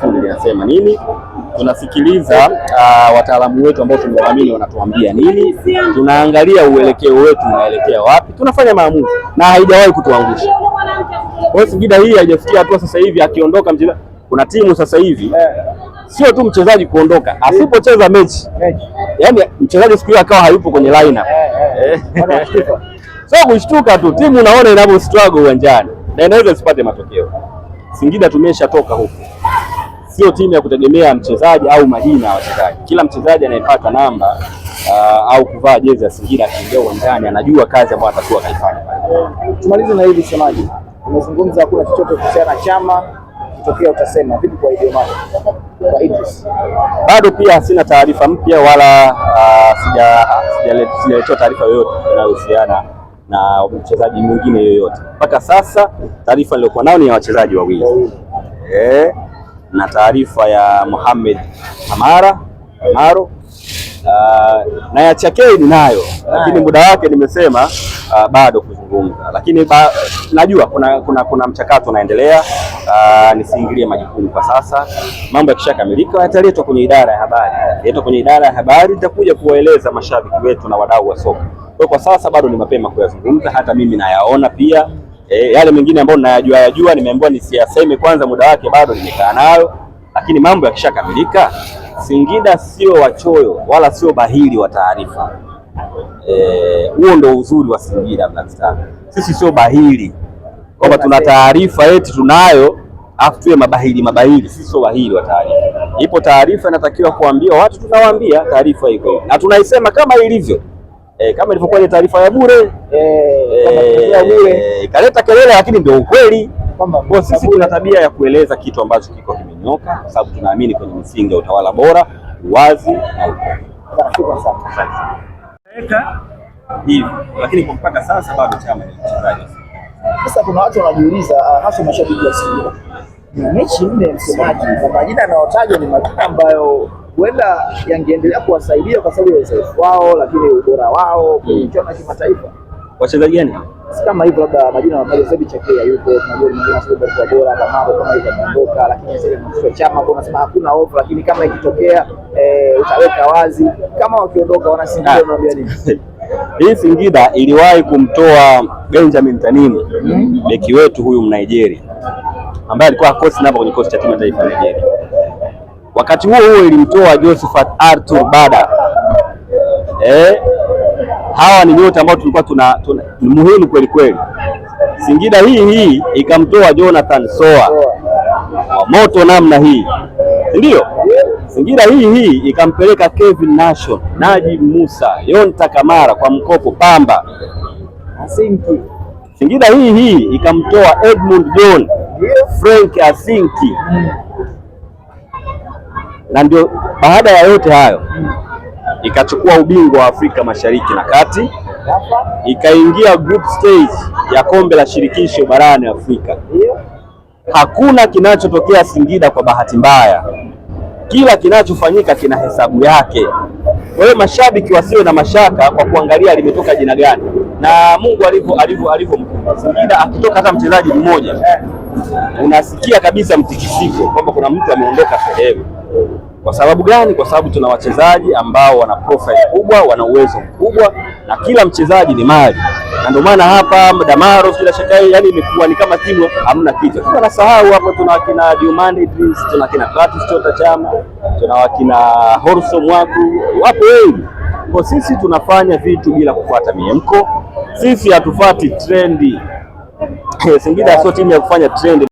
kiufundi linasema nini. Tunasikiliza uh, wataalamu wetu ambao tumewaamini wanatuambia nini, tunaangalia uelekeo wetu unaelekea wapi, tunafanya maamuzi na haijawahi kutuangusha. Kwa hiyo Singida hii haijafikia hatua sasa hivi akiondoka mchezaji, kuna timu sasa hivi sio tu mchezaji kuondoka, asipocheza mechi, yaani mchezaji siku hiyo akawa hayupo kwenye lineup eh, eh, eh. so kushtuka tu, timu unaona inavyo struggle uwanjani na inaweza isipate matokeo. Singida tumeshatoka huko sio timu ya kutegemea mchezaji au majina ya wachezaji. Kila mchezaji anayepata namba uh, au kuvaa jezi ya Singida akiingia uwanjani anajua kazi ambayo atakuwa kaifanya. Tumalize na hili semaji, umezungumza kuna chochote kuhusiana na chama kitokea, utasema vipi kwa hiyo mambo kwa Idris? Bado pia sina taarifa mpya wala uh, sija sijaletewa taarifa yoyote inayohusiana na mchezaji mwingine yoyote mpaka sasa. Taarifa niliyokuwa nayo ni ya wachezaji wawili eh na taarifa ya Mohamed Kamara Kamaro uh, na ya Chakei ninayo, lakini muda wake nimesema uh, bado kuzungumza, lakini ba, najua kuna, kuna, kuna mchakato unaendelea uh, nisiingilie majukumu kwa sasa. Mambo yakishakamilika yataletwa kwenye idara ya habari, yataletwa kwenye idara ya habari, nitakuja kuwaeleza mashabiki wetu na wadau wa soka. Kwa kwa sasa bado ni mapema kuyazungumza, hata mimi nayaona pia E, yale mengine ambayo ninayajua yajua nimeambiwa nisiyaseme, kwanza muda wake bado nimekaa nayo, lakini mambo yakishakamilika, Singida sio wachoyo wala sio bahili wa taarifa. E, huo e, ndio uzuri wa Singida Black Sisi sio bahili kwamba tuna taarifa eti tunayo afu tuwe mabahili mabahili. Sisi sio bahili wa taarifa. Ipo taarifa inatakiwa kuambia watu, tunawaambia taarifa iko na tunaisema kama ilivyo, e, kama ilivyokuwa ile taarifa ya bure e, Eh, ikaleta eh, kelele, lakini ndio ukweli. Kwa sisi tuna tabia ya kueleza kitu ambacho kiko kimenyoka, kwa sababu tunaamini kwenye misingi ya utawala bora, uwazi na ukweli hivi, lakini kwa mpaka sasa bado chama ni mchezaji. Sasa kuna watu wanajiuliza, ah, hasa mashabiki wa Simba, mechi nne msemaji, na majina yanayotajwa ni majina ambayo huenda yangeendelea kuwasaidia kwa sababu ya uzoefu wao, lakini ubora wao kwenye michuano ya kimataifa wachezaji gani? Si kama hivyo, labda majina mataja sasa hivi chakea yupo, tunajua ni mwingine asipopata kwa bora kama hapo kama hivyo kuondoka, lakini sasa ni chama kwa sababu hakuna hofu, lakini kama ikitokea eh, utaweka wazi kama wakiondoka wana Singida unaambia ah. nini? Hii Singida iliwahi kumtoa Benjamin Tanini mm, -hmm. wetu huyu Mnigeria ambaye alikuwa kosi namba kwenye kosi cha timu ya taifa ya Nigeria. Wakati huo huo ilimtoa Josephat Arthur Bada eh hawa ni nyota ambao tulikuwa tuna, tuna ni muhimu kweli kweli. Singida hii hii ikamtoa Jonathan Soa wa moto namna hii, ndio? Singida hii hii ikampeleka Kevin Nation, Najib Musa, Yonta Kamara kwa mkopo Pamba. Asinki. Singida hii hii ikamtoa Edmund John, Frank Asinki, mm. na ndio baada ya yote hayo mm ikachukua ubingwa wa Afrika Mashariki na Kati, ikaingia group stage ya kombe la shirikisho barani Afrika. Hakuna kinachotokea Singida kwa bahati mbaya, kila kinachofanyika kina hesabu yake. Kwa hiyo mashabiki wasiwe na mashaka kwa kuangalia limetoka jina gani, na Mungu alivyo alivyo alivyo Singida akitoka hata mchezaji mmoja, unasikia kabisa mtikisiko kwamba kuna mtu ameondoka sehemu. Kwa sababu gani? Kwa sababu tuna wachezaji ambao wana profile kubwa, wana uwezo mkubwa, na kila mchezaji ni mali, na ndio maana hapa Damaro bila shaka, yani imekuwa ni kama timu hamna kichwa. nasahau hapo, tuna wakina Diomande Idris, tuna kina Kratos Chota Chama, tuna wakina Horso Mwaku, wapo wengi. Kwa sisi tunafanya vitu bila kufuata miemko, sisi hatufuati trendi. Eh, Singida sio timu ya kufanya trendi.